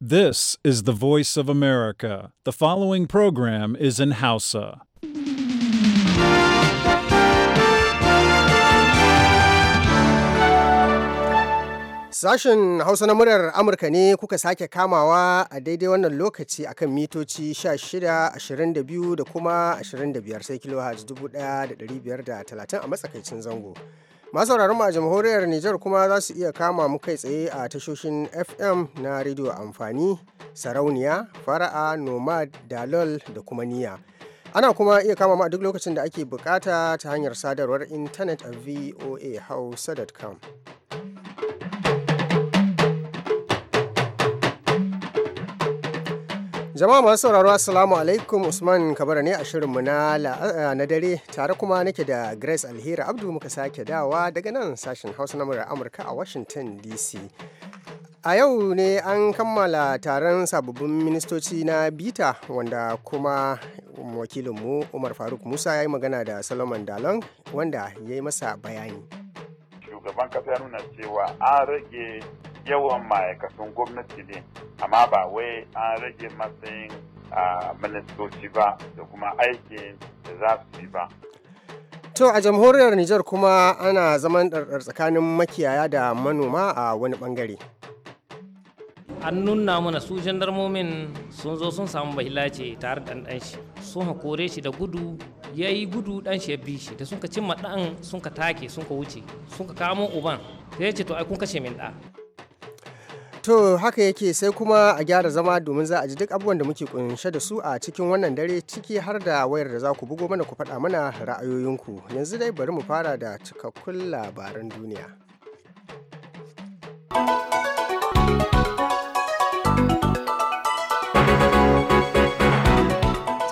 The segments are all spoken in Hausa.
This is the voice of America. The following program is in Hausa. Sashen Hausa na murar Amurka ne kuka sake kamawa a daidai wannan lokaci akan mitoci 16, 22 da kuma 25 sai kilohertz 1530 a matsakaicin zango. masauraran mu a jamhuriyar Nijar kuma za su iya kama mu kai tsaye a tashoshin FM na rediyo amfani sarauniya fara'a nomad dalol da kuma niya ana kuma iya kama mu a duk lokacin da ake bukata ta hanyar sadarwar intanet a voahausa.com. Jama'a masu sauraro Assalamu alaikum Usman Kabara ne a shirinmu na eh, na dare tare kuma nake da Grace Alheri Abdu muka sake dawa daga nan sashen Hausa na murar Amurka a Washington DC. A yau ne an kammala taron sababbin ministoci na bita wanda kuma wakilinmu Umar Faruk Musa ya yi magana da Solomon Dalon wanda ya yi masa bayani. Shugaban kasa ya nuna cewa an rage yawan ma'aikatan gwamnati ne amma ba wai an rage matsayin ministoci ba da kuma aikin da za su yi ba To a jamhuriyar Nijar kuma ana zaman ɗarɗar tsakanin makiyaya da manoma a wani ɓangare. An nuna mana su jandarmomin sun zo sun samu ce tare da ɗan shi sun hakore shi da gudu ya yi gudu ɗan shi ya bi shi da sun ka cimma ɗan sun ka take sun ka wuce sun ka kamo uban sai ya ce to ai kun kashe min ɗa. To haka yake sai kuma a gyara zama domin za a ji duk abubuwan da muke kunshe da su a cikin wannan dare ciki har da wayar da za ku bugo mana ku faɗa mana ra'ayoyinku. Yanzu dai bari mu fara da cikakkun labaran duniya.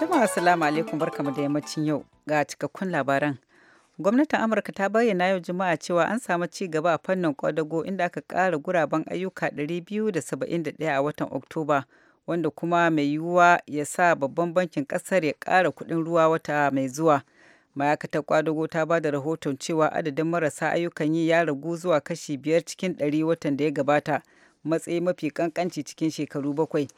Jama'a salamu alaikum barkamu da yammacin yau ga cikakkun labaran. Gwamnatin Amurka ta bayyana yau Juma'a cewa an samu ci gaba a fannin kwadago inda aka ƙara guraben ayyuka 271 a watan Oktoba, wanda kuma mai yiwuwa ya sa babban bankin ƙasar ya ƙara kuɗin ruwa wata mai zuwa. ma'aikatar kwadago ta ba da rahoton cewa adadin marasa ayyukan yi ya ragu zuwa kashi biyar cikin ɗari watan da ya gabata matsayi mafi kankanci cikin shekaru bakwai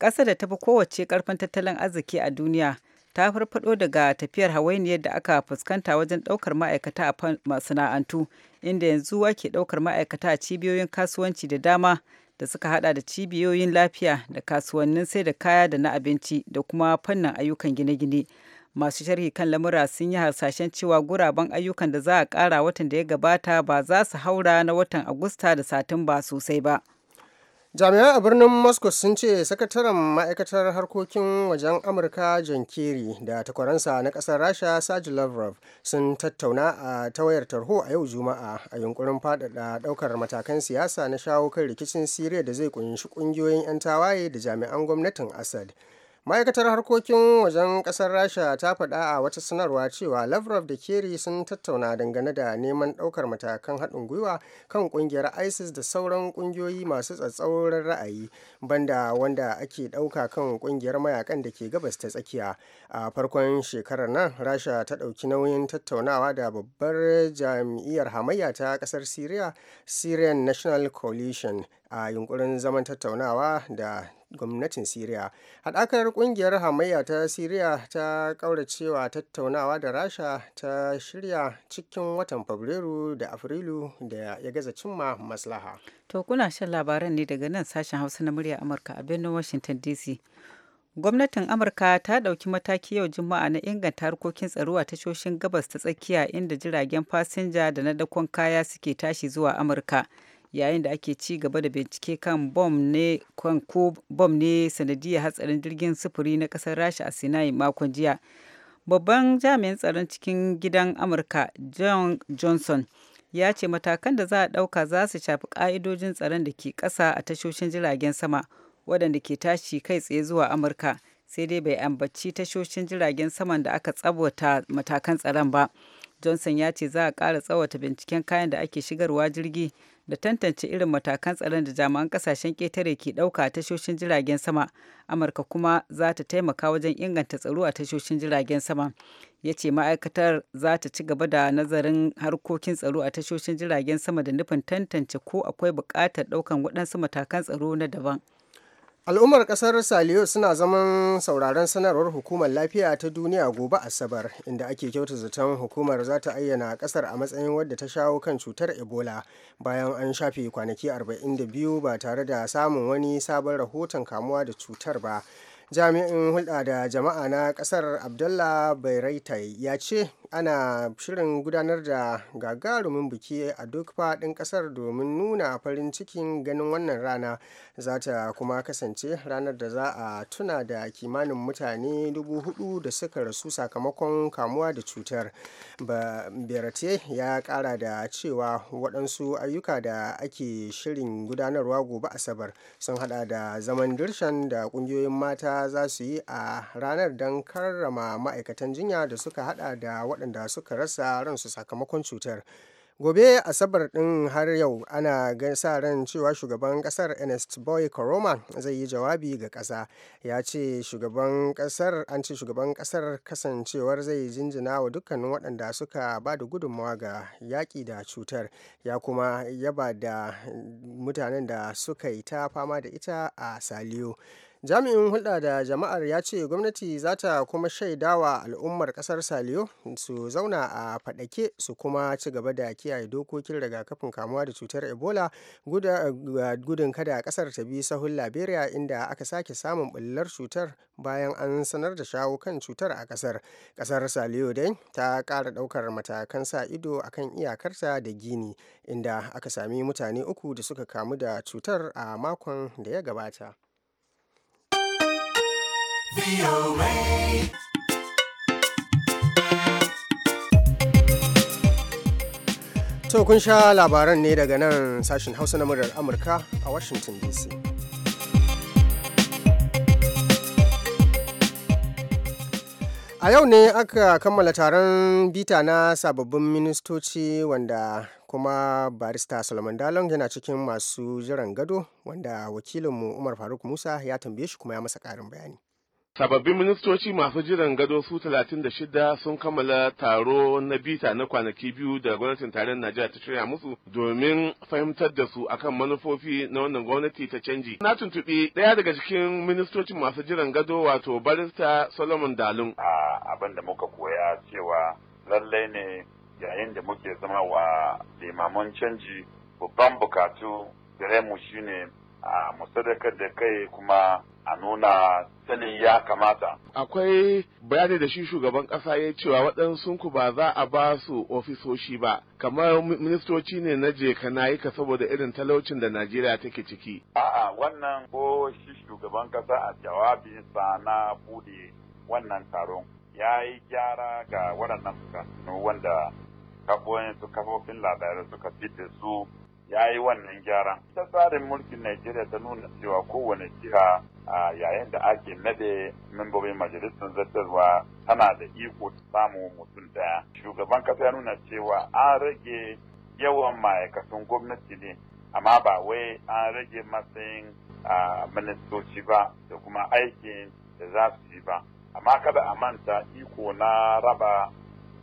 ƙasa da ta fi kowace karfin tattalin arziki a duniya ta farfado daga tafiyar hawainiyar da aka fuskanta wajen ɗaukar ma'aikata a masana'antu inda yanzu wake ɗaukar ma'aikata a cibiyoyin kasuwanci da dama da suka hada da cibiyoyin lafiya da kasuwannin sai da kaya da na abinci da kuma fannin ayyukan gine-gine masu sharhi kan lamura sun yi hasashen cewa guraben ayyukan da za a kara watan da ya gabata ba za su haura na watan agusta da satumba sosai ba. jami'an a birnin moscow sun ce sakataren ma'aikatar harkokin wajen amurka john kerry da takwaransa na kasar rasha serge lavrov sun tattauna a tawayar tarho a yau juma'a a yunkurin faɗaɗa ɗaukar matakan siyasa na shawo kan rikicin siriya da zai kunshi ƙungiyoyin 'yan tawaye da jami'an gwamnatin assad ma'aikatar harkokin wajen kasar rasha ta faɗa a wata sanarwa cewa lavrov da keri sun tattauna dangane da neman ɗaukar matakan haɗin gwiwa kan ƙungiyar isis da sauran ƙungiyoyi masu tsatsauran ra'ayi banda wanda ake ɗauka kan ƙungiyar mayakan da ke gabas ta tsakiya a farkon shekarar nan rasha ta ɗauki nauyin tattaunawa da babbar jam'iyyar hamayya ta ƙasar syria syrian national coalition a yunkurin zaman tattaunawa da gwamnatin Siriya. Haɗakar ƙungiyar hamayya ta Siriya ta ƙauracewa tattaunawa da Rasha ta shirya cikin watan Fabrairu da Afrilu da ya gaza cimma maslaha. To kuna shan labaran ne daga nan sashen Hausa na murya Amurka a birnin Washington DC. Gwamnatin Amurka ta ɗauki mataki yau Juma'a na inganta harkokin tsaro a tashoshin gabas ta tsakiya inda jiragen fasinja da na dakon kaya suke tashi zuwa Amurka. yayin da ake ci gaba da bincike kan bom ne ko bom ne sanadiyar hatsarin jirgin sufuri na kasar rasha a sinai makon jiya babban jami'in tsaron cikin gidan amurka john johnson ya ce matakan da za a ɗauka za su shafi ƙa'idojin tsaron da ke ƙasa a tashoshin jiragen sama waɗanda ke tashi kai tsaye zuwa amurka sai dai bai ambaci tashoshin jiragen saman da aka tsabota matakan tsaron ba johnson ya ce za a ƙara tsawata binciken kayan da ake shigarwa jirgi da tantance irin matakan tsaron da jami'an kasashen ketare ke ɗauka a tashoshin jiragen sama amurka kuma za ta taimaka wajen inganta tsaro a tashoshin jiragen sama ya ce ma'aikatar za ta ci gaba da nazarin harkokin tsaro a tashoshin jiragen sama da nufin tantance ko akwai buƙatar ɗaukan waɗansu matakan tsaro na daban al'ummar ƙasar saliyo suna zaman sauraron sanarwar hukumar lafiya ta duniya gobe asabar inda ake kyauta zaton hukumar za ta ayyana ƙasar a matsayin wadda ta shawo kan cutar ebola bayan an shafe kwanaki 42 ba tare da samun wani sabon rahoton kamuwa da cutar ba jami'in hulɗa da jama'a na ƙasar abdullah bairaitai ya ce ana shirin gudanar da gagarumin biki a duk faɗin ƙasar domin nuna farin cikin ganin wannan rana za ta kuma kasance ranar da za a tuna da kimanin mutane dubu hudu da suka rasu sakamakon kamuwa da cutar berate ya ƙara da cewa waɗansu ayyuka da ake shirin gudanarwa gobe asabar sun hada da zaman dirshan da ƙungiyoyin mata za su yi a ranar don karrama ma'aikatan jinya da suka hada da waɗanda suka rasa ransu sakamakon cutar gobe asabar din har yau ana sa ran cewa shugaban kasar ernest boy koroma zai yi jawabi ga kasa ya ce shugaban kasar an ce shugaban kasar kasancewar zai jinjina wa dukkanin waɗanda suka ba da gudunmawa ga yaƙi da cutar ya kuma yaba da mutanen da suka yi ta fama da ita a saliyo jami'in hulɗa da jama'ar ya ce gwamnati za ta kuma shaidawa al'ummar ƙasar saliyo su zauna a faɗake su kuma ci gaba da kiyaye dokokin rigakafin kamuwa da cutar ebola gudun kada ƙasar ta bi sahun liberia inda aka sake samun ɓullar cutar bayan an sanar da shawo kan cutar a ƙasar ƙasar saliyo dai ta ƙara ɗaukar matakan sa ido a kan iyakarta da gini inda aka sami mutane uku da suka kamu da cutar a makon da ya gabata To kun sha labaran ne daga nan sashen Hausa na muryar Amurka a Washington DC. A yau ne aka kammala taron bita na sababbin ministoci wanda kuma barista Solomon Dalong yana cikin masu jiran gado wanda wakilinmu Umar Faruk Musa ya tambaye shi kuma ya masa ƙarin bayani. Sababbin ministoci masu jiran gado su 36 sun kammala taro na bita na kwanaki biyu da gwamnatin tarayyar Najeriya ta shirya musu domin fahimtar da su akan manufofi na wannan gwamnati ta canji. Na tuntuɓi ɗaya daga cikin ministocin masu jiran gado wato barista Solomon Dalun. a Abin da muka koya cewa lallai ne yayin da muke zama wa limaman canji babban bukatu mu shine a musadakar da kai kuma a nuna sanin ya kamata. Akwai bayani da shi shugaban ƙasa ya cewa waɗansu ku ba za a ba su ofisoshi ba, kamar ministoci ne na je ka ka saboda irin talaucin da Najeriya take ciki. A'a wannan ko shi shugaban ƙasa a jawabinsa na buɗe wannan taron ya yi gyara ga waɗannan bukatu wanda kafofin labarai suka fitar su ya yi wannan gyara Ta tsarin mulkin Najeriya ta nuna cewa kowane jiha a yayin da ake nade membobin majalisar zartarwa tana da iko ta samu mutum daya. Shugaban kasa ya nuna cewa an rage yawan ma'aikatan gwamnati ne amma ba wai an rage matsayin ministoci ba da kuma aikin da za su yi ba. Amma kada a manta iko na raba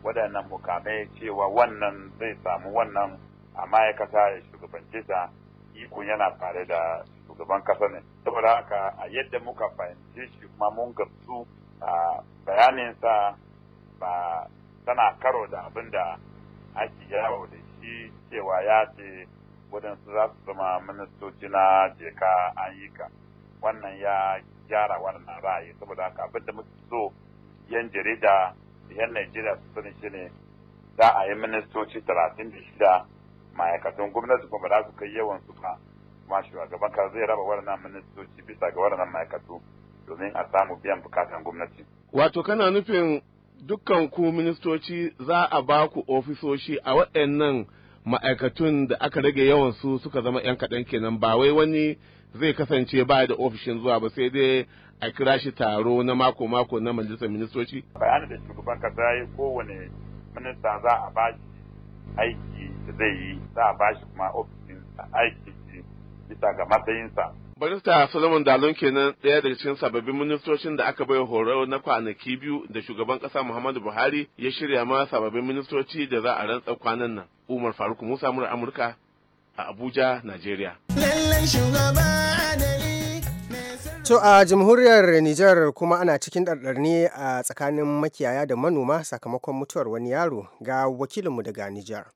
waɗannan mukamai cewa wannan zai samu wannan A ma'aikata ya shugabance sa iko yana tare da shugaban kasa ne saboda haka a yadda muka fahimci shi kuma mun gamsu a bayaninsa ba tana karo da abin da ake yawo da shi cewa ya ce waɗansu za su zama ministoci na jeka an yi ka wannan ya gyara wannan ra'ayi saboda haka abin da muke so yan jarida yan najeriya su sani ne, za a yi ministoci talatin da shida ma'aikatan gwamnati kuma ba su kai yawan su ba kuma shugaban ka zai raba waɗannan ministoci bisa ga waɗannan ma'aikatu domin a samu biyan bukatan gwamnati. Wato kana nufin dukkan ku ministoci za a ba ku ofisoshi a waɗannan ma'aikatun da aka rage yawan su suka zama 'yan kaɗan kenan ba wai wani zai kasance ba da ofishin zuwa ba sai dai a kira shi taro na mako-mako na majalisar ministoci. Bayanin da shugaban kasa ya kowane minista za a ba shi aiki da zai yi za a bashi kuma ofishin aiki bisa ga matsayinsa. Barista Solomon Dalon kenan ɗaya daga cikin sababbin ministocin da aka bai horo na kwanaki biyu da shugaban ƙasa Muhammadu Buhari ya shirya ma sababbin ministoci da za a rantsa kwanan nan. Umar Faruk Musa Amurka a Abuja, Najeriya. Lallai shugaba To a jamhuriyar Nijar kuma ana cikin ɗarɗar a tsakanin makiyaya da manoma sakamakon mutuwar wani yaro ga wakilinmu daga Nijar.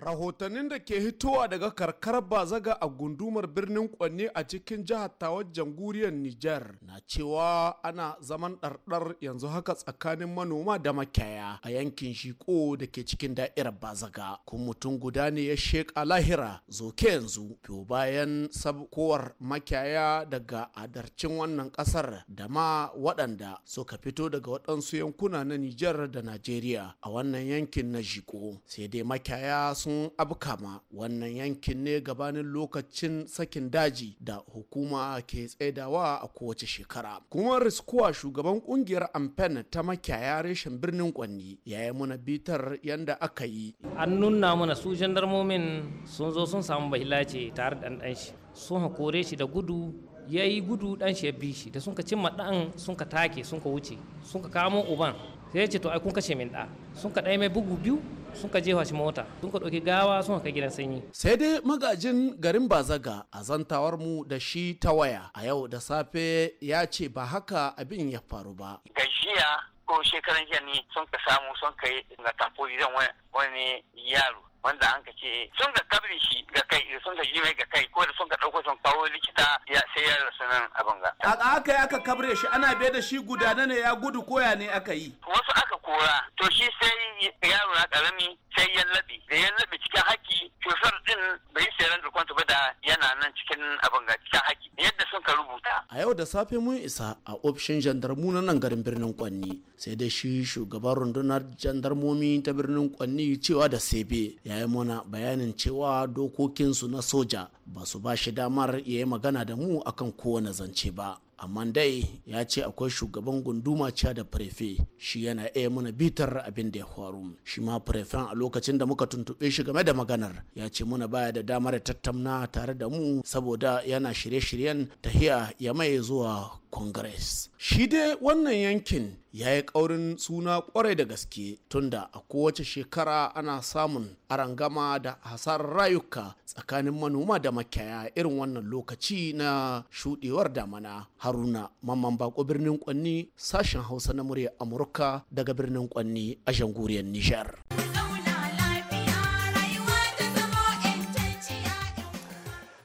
rahotannin da ke hitowa daga karkar bazaga a gundumar birnin kwanne a cikin jihar tawar jamhuriyar niger na cewa ana zaman ɗarɗar yanzu haka tsakanin manoma da makiyaya a yankin shiko da ke cikin da'irar bazaga kun mutum guda ne ya sheƙa lahira zoke yanzu to bayan sabkowar makiyaya daga adarcin wannan ƙasar da ma waɗanda suka fito daga waɗansu yankuna na niger da najeriya a wannan yankin na shiko sai dai makiyaya sun sun abkama wannan yankin ne gabanin lokacin sakin daji da hukuma ke tsaidawa a kowace shekara kuma riskuwa shugaban kungiyar amfen ta makiyaya reshen birnin kwanni ya yi muna bitar yadda aka yi an nuna mana su jandarmomin sun zo sun samu bahila ce tare da ɗan shi sun hakore shi da gudu ya yi gudu ɗan shi ya bi shi da sun ka cimma ɗan sun ka take sun ka wuce sun ka kamo uban sai ce to ai kun kashe min da sun ka mai bugu biyu sun ka jefa shi mota sun ka ɗauki gawa sun ka gidan sanyi. sai dai magajin garin bazaga a zantawar mu da shi ta waya a yau da safe ya ce ba haka abin ya faru ba. gajiya ko shekaran jiya ne sun ka samu sun ka yi na tamfo gidan wani yaro wanda an ka ce sun ka kabri shi ga kai sun ka yi mai ga kai ko da sun ka ɗauko sun kawo likita ya sai ya rasu nan abin ga. A aka yi aka kabre shi ana bai da shi gudana ne ya gudu koya ne aka yi. Wasu aka kora to shi sai yaro na karami sai ya labi. da ya labi cikin haki shofar ɗin bai yi sayar da kwanta ba da yana nan cikin abin ga cikin haki yadda sun ka rubuta. A yau da safe mun isa a ofishin jandarmu na nan garin birnin Kwanni sai da shi shugaban rundunar jandarmomi ta birnin Kwanni cewa da Sebe ya yi mana bayanin cewa dokokinsu na soja ba su ba shi damar ya yi magana da mu akan kowane zance ba amma dai ya ce akwai shugaban gunduma cewa da prefe shi yana iya mana bitar abin da ya faru shi ma prefen a lokacin da muka tuntuɓe shi game da maganar ya ce muna baya da damar tattamna tare da mu saboda yana shirye-shiryen tahiya ya mai zuwa congress shi dai wannan yankin ya yi ƙaurin suna ƙwarai da gaske tunda a kowace shekara ana samun arangama da hasarar rayuka tsakanin manoma da makiyaya irin wannan lokaci na shuɗewar damana haruna mamman bako birnin kwanni sashen hausa na murya amurka daga birnin kwanni a shanguriyar nijar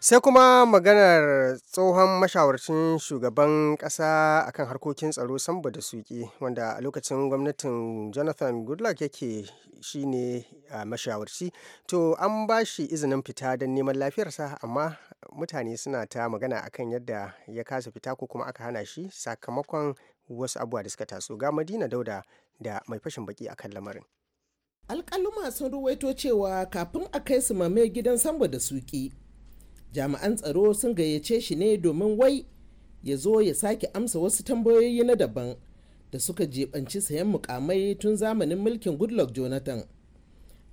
sai kuma maganar tsohon mashawarcin shugaban kasa akan harkokin tsaro samba da suki wanda a lokacin gwamnatin jonathan goodluck yake ne a mashawarci to an ba shi izinin fita don neman lafiyarsa amma mutane suna ta magana akan yadda ya kasa fita ko kuma aka hana shi sakamakon wasu abuwa da suka taso ga madina dauda da mai fashin baki akan lamarin alƙaluma sun ruwaito cewa kafin a kai su mame gidan samba da suki jami'an tsaro sun gayyace shi ne domin wai ya zo ya sake amsa wasu tambayoyi na daban da suka jebanci sayan mukamai tun zamanin mulkin goodluck jonathan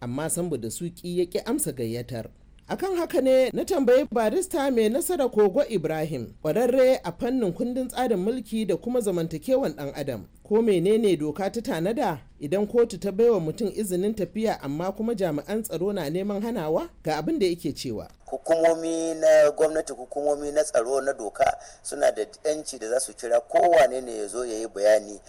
amma sambo da suki ya ƙi amsa gayyatar akan haka ne na tambayi barista mai nasara kogo ibrahim kwararre a fannin kundin tsarin mulki da kuma zamantakewan dan adam ko menene doka ta tanada idan kotu ta baiwa mutum izinin tafiya amma kuma jami'an tsaro na neman hanawa ga abin da yake cewa hukumomi na gwamnati hukumomi na tsaro na doka suna da yanci da za su kira kowane ne ya zo ya yi bayani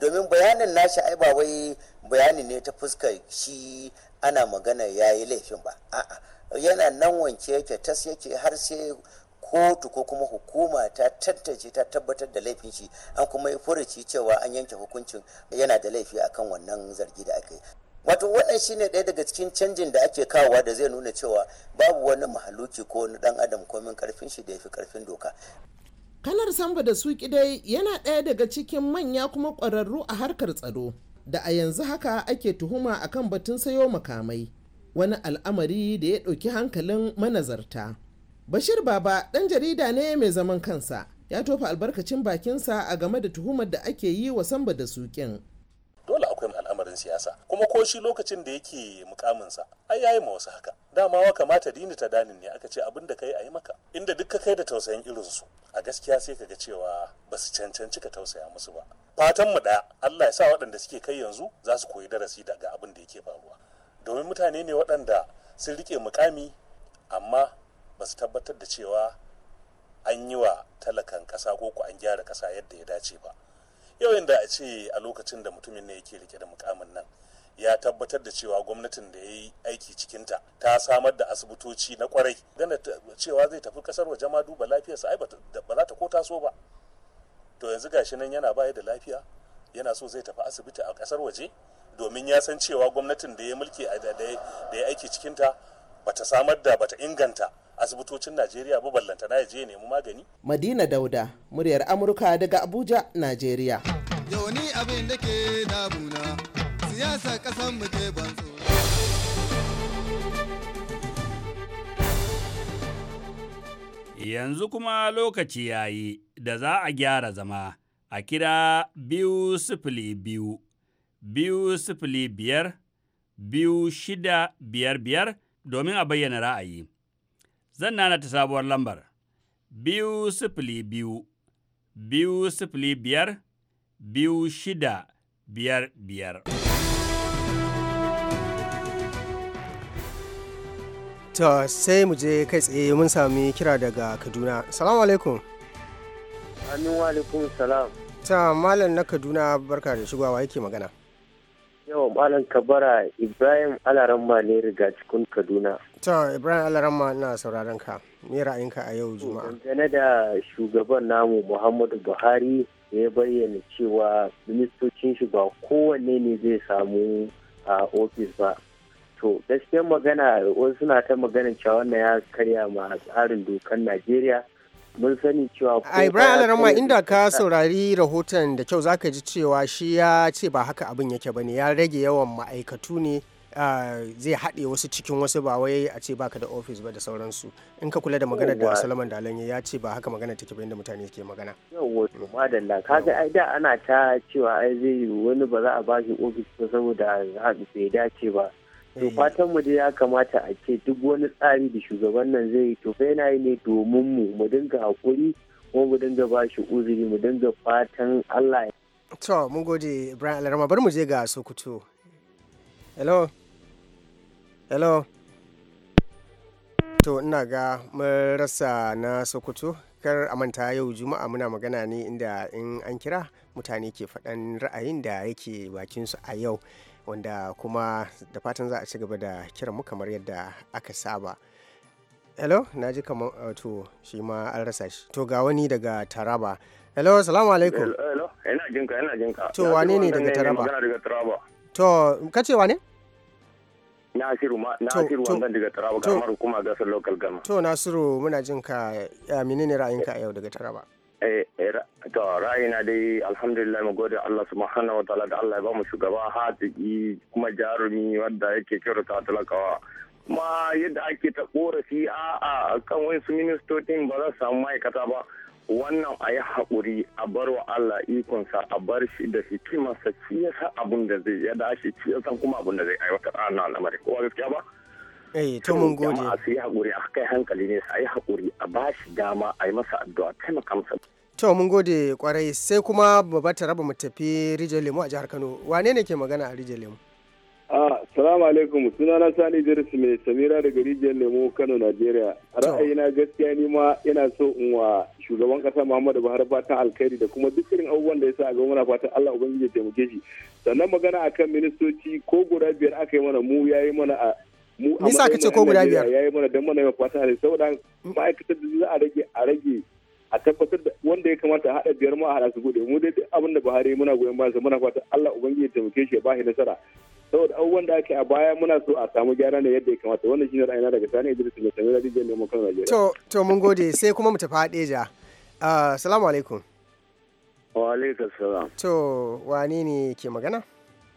domin bayanin nashi ai ba wai bayani ne ta fuskar shi ana magana ya yi laifin ba a'a yana nan wanke yake tas yake har sai kotu ko kuma hukuma ta tantance ta tabbatar da laifin shi an kuma yi furuci cewa an yanke hukuncin yana da laifi akan wannan zargi da aka yi wato wannan shine ɗaya daga cikin canjin da ake kawowa da zai nuna cewa babu wani mahaluki ko wani dan adam komin karfin shi da ya fi karfin doka kanar samba da su dai yana ɗaya daga cikin manya kuma kwararru a harkar tsaro da a yanzu haka ake tuhuma akan batun sayo makamai wani al'amari da ya ɗauki hankalin manazarta bashir baba ɗan jarida ne mai zaman kansa ya tofa albarkacin bakinsa a game da tuhumar da ake yi wa samba da sukin dole akwai al'amarin siyasa kuma ko shi lokacin da yake mukaminsa ai yayi ma wasu haka dama wa kamata dini ta danin ne aka ce abin da a yi maka inda duk ka kai da tausayin irin su a gaskiya sai kaga cewa ba su cancanci ka tausaya musu ba Fatanmu ɗaya, Allah ya sa waɗanda suke kai yanzu za su koyi darasi daga abin da yake faruwa domin mutane ne waɗanda sun rike mukami amma ba su tabbatar da cewa an yi wa talakan ƙasa ko ku an gyara ƙasa yadda ya dace ba yau inda a ce a lokacin da mutumin ne yake rike da mukamin nan ya tabbatar da cewa gwamnatin da ya yi aiki cikinta ta samar da asibitoci na kwarai gana cewa zai tafi kasar waje ma duba lafiyarsa ai ba za ta ko taso ba to yanzu gashi nan yana baya da lafiya yana so zai tafi asibiti a kasar waje domin ya san cewa gwamnatin da ya mulki da ya aiki cikinta bata samar da bata inganta asibitocin najeriya ba ballanta na je nemi magani madina dauda muryar amurka daga abuja najeriya yauni abin da ke damuna siyasa kasan mu ke ban yanzu kuma lokaci yayi da za a gyara zama a kira biyu sifili biyu biyu sifili biyar biyu shida biyar biyar domin a bayyana ra'ayi. Zan nana ta sabuwar lambar biyu sifili biyu biyu sifili biyar biyu shida biyar biyar. ta sai mu je kai tsaye mun sami kira daga Kaduna. Salamu alaikum. Amin alaikum salam. Ta malam na Kaduna barka da shigowa yake magana. Yawan Malam Kabara Ibrahim Alaramma ne riga cikin Kaduna. To Ibrahim Alaramma na sauraron ka. Me ra'ayinka a yau Juma'a? Dangane da shugaban namu Muhammadu Buhari ya bayyana cewa ministocin shi ba kowanne ne zai samu a ofis ba. To gaskiyar magana wasu suna ta magana cewa wannan ya karya ma tsarin dokar Najeriya. mun sani cewa Ibrahim Alarama inda ka saurari rahoton da kyau zaka ji cewa shi ya ce ba haka abin yake bane ya rage yawan ma'aikatu ne zai haɗe wasu cikin wasu ba wai a ce baka da ofis ba da sauransu in ka kula da magana da Salaman Dalanye ya ce ba haka magana take ba inda mutane ke magana yawa to mm. madalla kaga ai da ana ta cewa ai zai wani ba za a bashi ofis ba saboda haɗu dace ba to eh. fatan mu dai ya kamata a ce duk wani tsari da shugaban nan zai yi to fa yana yi ne domin mu mu dinga hakuri ko mu dinga ba shi uzuri mu dinga fatan Allah to mun gode Ibrahim Alarama bari mu je ga Sokoto hello hello to ina ga mun rasa na Sokoto kar a manta yau juma'a muna magana ne inda in an kira mutane ke faɗan ra'ayin da yake bakinsu a yau wanda kuma da fatan za a ci gaba da kiran mu kamar yadda aka saba hello na ji kamar eh, to shi ma an rasa shi to ga wani daga taraba hello salamu alaikum eh, hello ina jinka ina jinka to wane ne daga taraba to kace wane Nasiru ma Nasiru wannan daga Taraba kamar kuma ga local gama. To Nasiru muna jin ka menene ra'ayinka a yau daga Taraba? Eh, eh, to ra'ayina dai alhamdulillah mu gode Allah subhanahu wataala da Allah ya ba mu shugaba hatiki kuma jarumi wanda yake ta talakawa kuma yadda ake ta korafi a a kan wasu ministocin ba za su samu ma'aikata ba wannan a yi haƙuri a bar wa Allah ikonsa a bar shi da hikimarsa shi yasa abin da zai ya dace shi yasa kuma abin da zai aiwatar a nan lamarin kowa gaskiya ba Eh, to mun gode a su yi hakuri a kai hankali ne a yi hakuri a bashi dama a yi masa addu'a taimaka masa to mun gode kwarai sai kuma babba ta raba mu tafi rijiyar lemu a jihar Kano wane ne ke magana a rijiyar lemu Assalamu alaikum sunana Sani Idris mai Samira daga rijiyar lemu Kano Najeriya. Ra'ayina gaskiya ni ma ina so in wa shugaban kasa Muhammadu Buhari fatan alkhairi da kuma duk irin abubuwan da yasa sa a gaba muna fatan Allah ubangiji ya taimake shi. Sannan magana akan ministoci ko guda biyar aka yi mana mu yayi mana a mu a sa ka ce ko guda biyar yayi mana dan mana fata ne saboda mm. ma'aikatar da za a rage a rage a tabbatar da wanda ya kamata haɗa biyar ma a haɗa su gode mu dai duk abin da Buhari muna goyon bayan sa muna fata Allah ubangiji ya taimake shi ya bashi nasara saboda abubuwan da ake a baya muna so a samu gyara ne yadda ya kamata wannan shine ra'ayina daga sani Idris mai sanar da jin neman kan Najeriya to to mun gode sai kuma mu tafi haɗe ja assalamu ah, alaikum wa alaikum salam to wani ne ke magana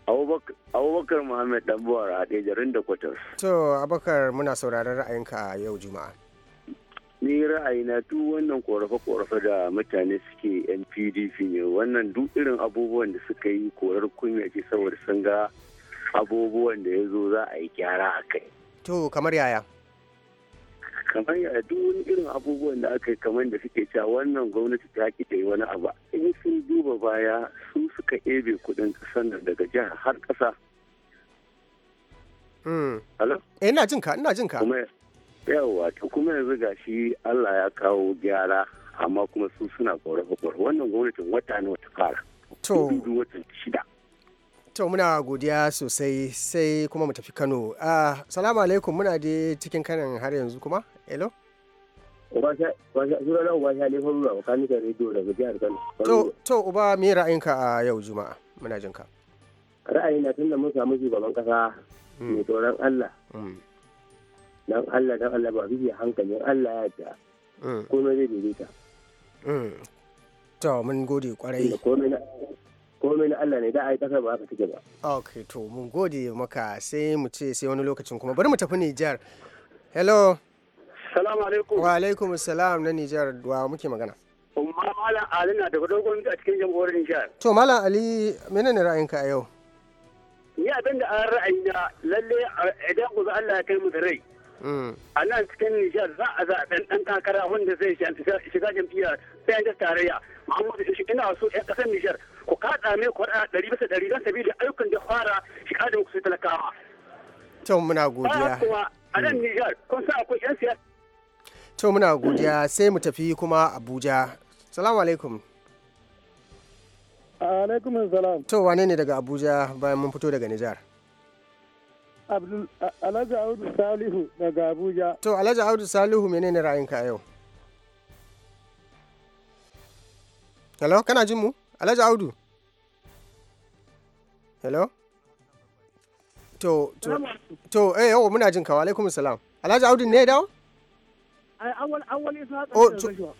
abubakar muhammad dan a jarin da kwatar to abubakar muna sauraron ra'ayinka a yau juma'a ni ra'ayi na duk wannan korafe-korafe da mutane suke yan pdp ne wannan duk irin abubuwan da suka yi korar kunya ce saboda sun ga abubuwan da ya zo za a yi gyara a kai to kamar yaya kamar ya duk wani irin abubuwan da aka yi kamar da suke cewa wannan gwamnati ta ki ta yi wani abu in sun duba baya su suka ebe kudin kasar nan daga jihar har kasa hmm. eh, ina jin ka ina jin ka kuma yawa to kuma yanzu ga shi Allah ya kawo gyara amma kuma su suna korafa wannan gwamnatin wata ne wata fara to shida to muna godiya sosai sai kuma mu tafi kano uh, salamu alaikum muna da cikin kanin har yanzu kuma hello Sunana Uba Shani Haruna makanikar rediyo daga jihar Kano. To, Uba, me ra'ayinka a yau Juma'a? Muna jin ka. Ra'ayin na tunda mun samu shugaban kasa hmm. mai tsoron Allah. Hmm. Dan Allah, dan Allah ba fiye hankalin Allah ya ta. Hmm. Komai zai daidaita. To, mun gode kwarai. komai na Allah ne da a yi kasar ba haka take ba. ok to mun gode maka sai mu ce sai wani lokacin kuma bari mu tafi Nijar. hello. salamu alaikum. wa alaikum salam na Nijar wa muke magana. umma malam Ali na da dogon a cikin jamhuriyar Nijar. to malam Ali menene ra'ayinka a yau? ni abin da an ra'ayi na lalle eh, idan ku Allah ya kai mu da rai. a nan cikin nijar za a zaɓen ɗan takara wanda zai shiga jam'iyyar sai da tarayya muhammadu ishi ina so ɗan ƙasar nijar ku kaɗa mai kwara ɗari bisa ɗari don sabida ayyukan da fara shiga da muku talakawa. to muna godiya. kuma a nan mm. nijar kun sa akwai yan siyasa. to muna godiya sai mu tafi kuma abuja salamu alaikum. alaikum salam. to wane ne daga abuja bayan mun fito daga nijar. Alhaji Audu Salihu daga Abuja. To Alhaji Audu Salihu menene ra'ayinka a yau? Hello, kana jin mu? Alhaji Audu? Hello? To, to, to, eh, yawo muna jin kawo, alaikum salam. Alhaji Audu ne dawo? Oh,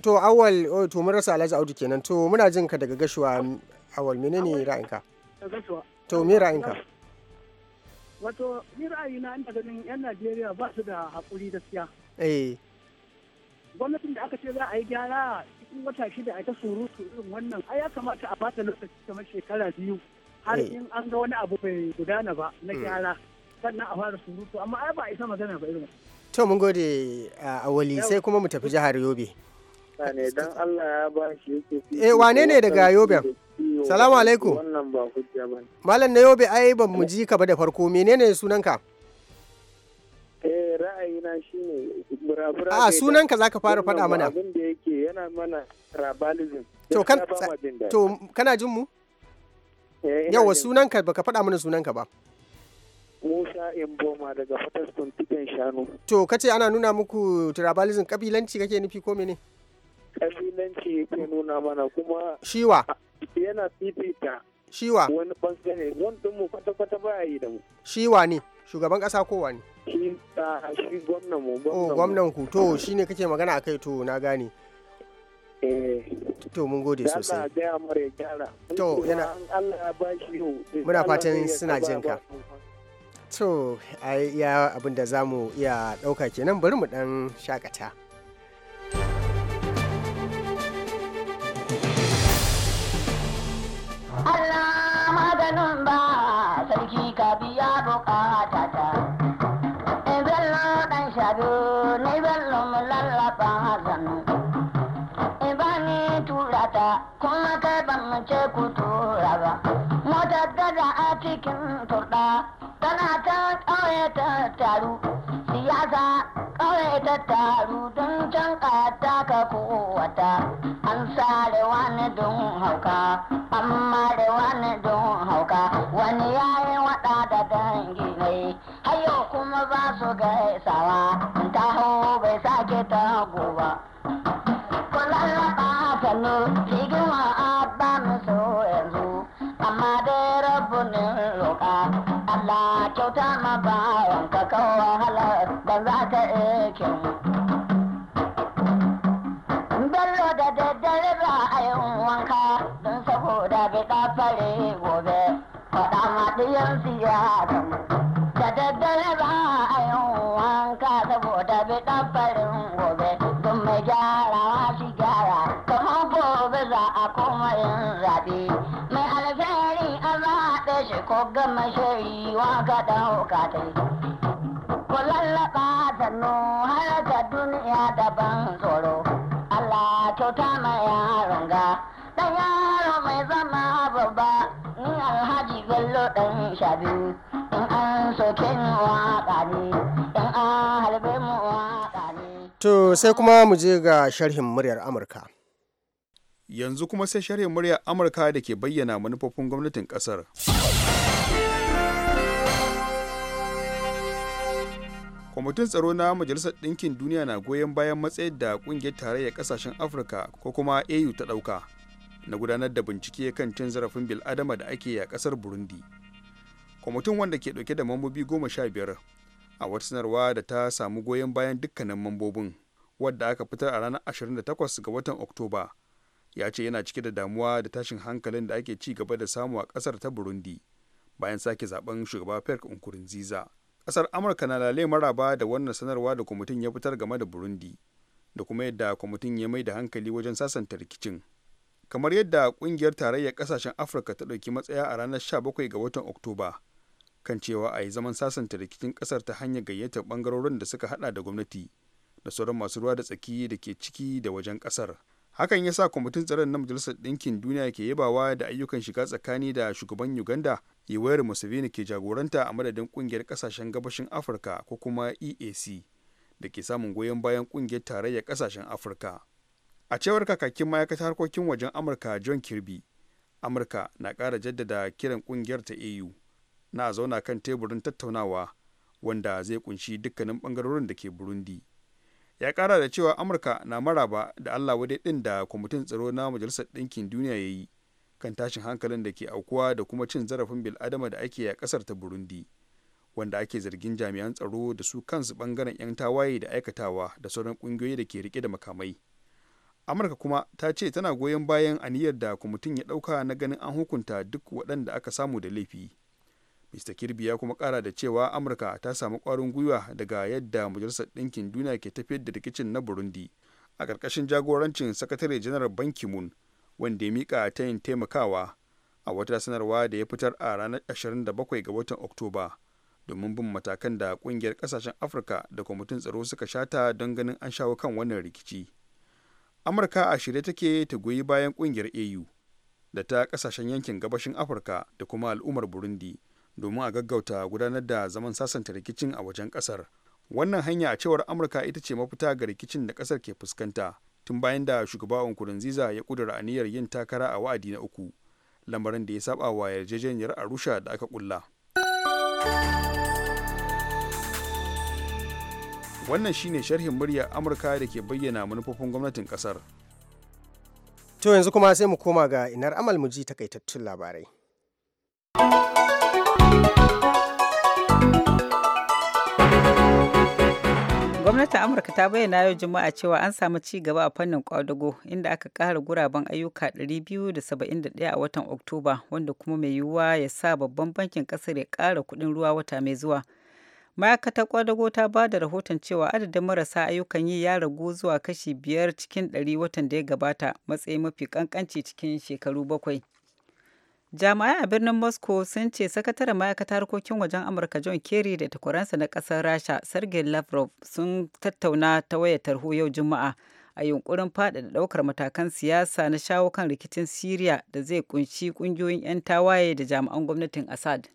to, awal, oh, to mun rasa Alhaji Audu kenan. To, muna jin ka daga gashuwa, awal, menene ra'ayinka? To, me ra'ayinka? wato ni ra'ayina ina ganin 'yan najeriya ba su da haƙuri da siya eh. gwamnatin da aka ce za a yi gyara cikin wata shida a ta surutu irin wannan ai ya kamata a bata lokaci kamar shekara biyu har eh. in an ga wani abu bai gudana ba na hmm. gyara sannan a fara surutu amma ai ba a isa magana ba irin to mun gode a wali sai kuma mu tafi jihar yobe ne dan eh, wane ne daga yobe Salamu alaikum. Wannan ba hujja ba Malam na yobe ai ban mu ji ka ba da farko menene sunan ka? Eh ra'ayina shine burabura. Ah sunan ka zaka fara faɗa mana. Abin da yake yana mana tribalism. To kan to kana jin mu? Eh, Yawa sunan ka baka faɗa mana sunan ka ba. Musa Imboma daga Fataston Tiken Shanu. To kace ana nuna muku tribalism kabilanci kake nufi ko menene? kabilanci ke nuna mana kuma shiwa yana fifita shiwa wani bangare wanda mu kwata-kwata baya yi da mu shiwa ne shugaban kasa kowa ne shi gwamnan mu gwamnan oh, ku to shine kake magana akai to na gane eh. to mun gode sosai to yana eh, muna fatan suna jin ka to ai ya abin da za mu iya ɗauka kenan bari mu ɗan shakata ka biya bukata ta. In bello ɗan shabi, ni bello mu lallaba hazanu. In ni tura ta, kuma kai ban mu ce ku tura ba. Motar gada a cikin turɗa, tana ta ƙauye ta taru. Siyasa ƙauye ta taru don can ƙata ka kowata. An sare wani don hauka, an mare wani don hauka, wani yayi saisawa in taho bai sake ta ba ka saboda bi ɗabbarin gobe don mai gyarawa shi gyara kamar gobe za a koma yin zaɓe mai alfahari an zaɓe shi ko gama shiri wa ka ɗauka ta yi ko lallaɓa sannu har da duniya daban tsoro Allah kyauta ma yaron ga ɗan yaro mai zama babba ni alhaji bello ɗan shabiru sai kuma mu je ga sharhin muryar Amurka. Yanzu kuma sai sharhin muryar Amurka da ke bayyana manufofin gwamnatin ƙasar. kwamitin tsaro na majalisar ɗinkin duniya na goyon bayan matsayin da ƙungiyar tarayyar ƙasashen afirka ko kuma au ta ɗauka na gudanar da bincike kan cin zarafin bil'adama da ake yi a ƙasar burundi kwamitin wanda ke ɗauke da mambobi goma sha biyar a wata sanarwa da ta samu goyon bayan dukkanin mambobin wadda aka fitar a ranar 28 ga watan oktoba ya ce yana cike da damuwa da tashin hankalin da ake ci gaba da samu a ƙasar ta burundi bayan sake zaben shugaba pierre nkurunziza ƙasar amurka na lalle maraba da wannan sanarwa da kwamitin ya fitar game da burundi da kuma yadda kwamitin ya mai da hankali wajen sasanta rikicin kamar yadda kungiyar tarayyar ƙasashen afirka ta ɗauki matsaya a ranar 17 ga watan oktoba kan cewa a yi zaman sasanta rikicin kasar ta hanyar gayyatar bangarorin da suka hada da gwamnati da sauran masu ruwa da tsaki da ke ciki da wajen kasar hakan ya sa kwamitin tsaron na majalisar ɗinkin duniya ke yabawa da ayyukan shiga tsakani da shugaban uganda yoweri museveni ke jagoranta a madadin ƙungiyar ƙasashen gabashin afirka ko kuma eac da ke samun goyon bayan ƙungiyar tarayyar ƙasashen afirka a cewar kakakin ma'aikatar harkokin wajen amurka john kirby amurka na ƙara jaddada kiran ƙungiyar ta au na zauna kan teburin tattaunawa wanda zai kunshi dukkanin ɓangarorin da ke burundi ya kara da cewa amurka na maraba da allah wadai din da kwamitin tsaro na majalisar ɗinkin duniya ya yi kan tashin hankalin da ke aukuwa da kuma cin zarafin bil'adama da ake a ƙasar ta burundi wanda ake zargin jami'an tsaro da su kansu bangaren 'yan tawaye da aikatawa da sauran ƙungiyoyi da ke rike da makamai amurka kuma ta ce tana goyon bayan aniyar da kwamitin ya ɗauka na ganin an hukunta duk waɗanda aka samu da laifi mr kirby ya kuma kara da cewa amurka ta samu kwarin gwiwa daga yadda majalisar ɗinkin duniya ke tafiyar da rikicin na burundi a ƙarƙashin jagorancin sakatare janar banki mun wanda ya mika ta yin taimakawa a wata sanarwa da ya fitar a ranar 27 ga watan oktoba domin bin matakan da ƙungiyar kasashen afirka da kwamitin tsaro suka shata don ganin an shawo kan wannan rikici amurka a shirye take ta goyi bayan ƙungiyar au da ta kasashen yankin gabashin afirka da kuma al'ummar burundi domin a gaggauta gudanar da zaman sasanta rikicin a wajen kasar wannan hanya a cewar amurka ita ce mafita ga rikicin da kasar ke fuskanta tun bayan da shugaba nkurunziza ya kudura aniyar yin takara a wa'adi na uku lamarin da ya saba wa yarjejeniyar arusha da aka kulla wannan shine sharhin murya amurka da ke bayyana manufofin gwamnatin kasar to yanzu kuma sai mu koma ga inar amal mu ji takaitattun labarai Gwamnatin Amurka ta bayyana yau Juma'a cewa an samu ci gaba a fannin kwadugo inda aka ƙara guraben ayyuka 271 a watan Oktoba wanda kuma mai yiwuwa ya sa babban bankin ƙasar ya ƙara kuɗin ruwa wata mai zuwa. ma'aikatar kwadago ta ba da rahoton cewa adadin marasa ayyukan yi ya ragu zuwa kashi biyar cikin ɗari watan da ya gabata matsayin mafi kankanci cikin shekaru bakwai jami'ai a birnin moscow sun ce sakataren ma'aikatar harkokin wajen amurka john kerry da takwaransa na kasar rasha sergei lavrov sun tattauna ta wayar tarho yau juma'a a yunkurin faɗaɗa ɗaukar matakan siyasa na shawo kan rikicin syria da zai kunshi ƙungiyoyin 'yan tawaye da jami'an gwamnatin assad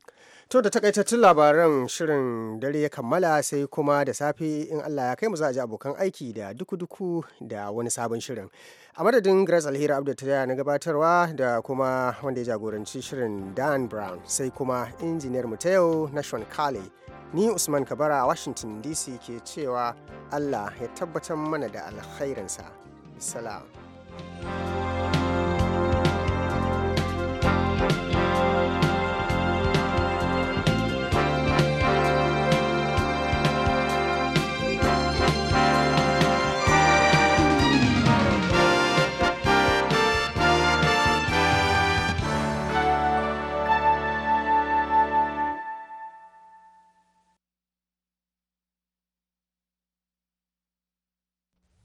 To da takaitattun labaran shirin dare ya kammala sai kuma da safe in Allah ya kai mu za a ji abokan aiki da duku-duku da wani sabon shirin. A madadin Grace Alheri abdul ta na gabatarwa da kuma wanda ya jagoranci shirin Dan Brown sai kuma injiniyar mu ta yau Nashon Kale. Ni Usman Kabara a Washington DC ke cewa Allah ya tabbatar mana da alkhairinsa. Salam.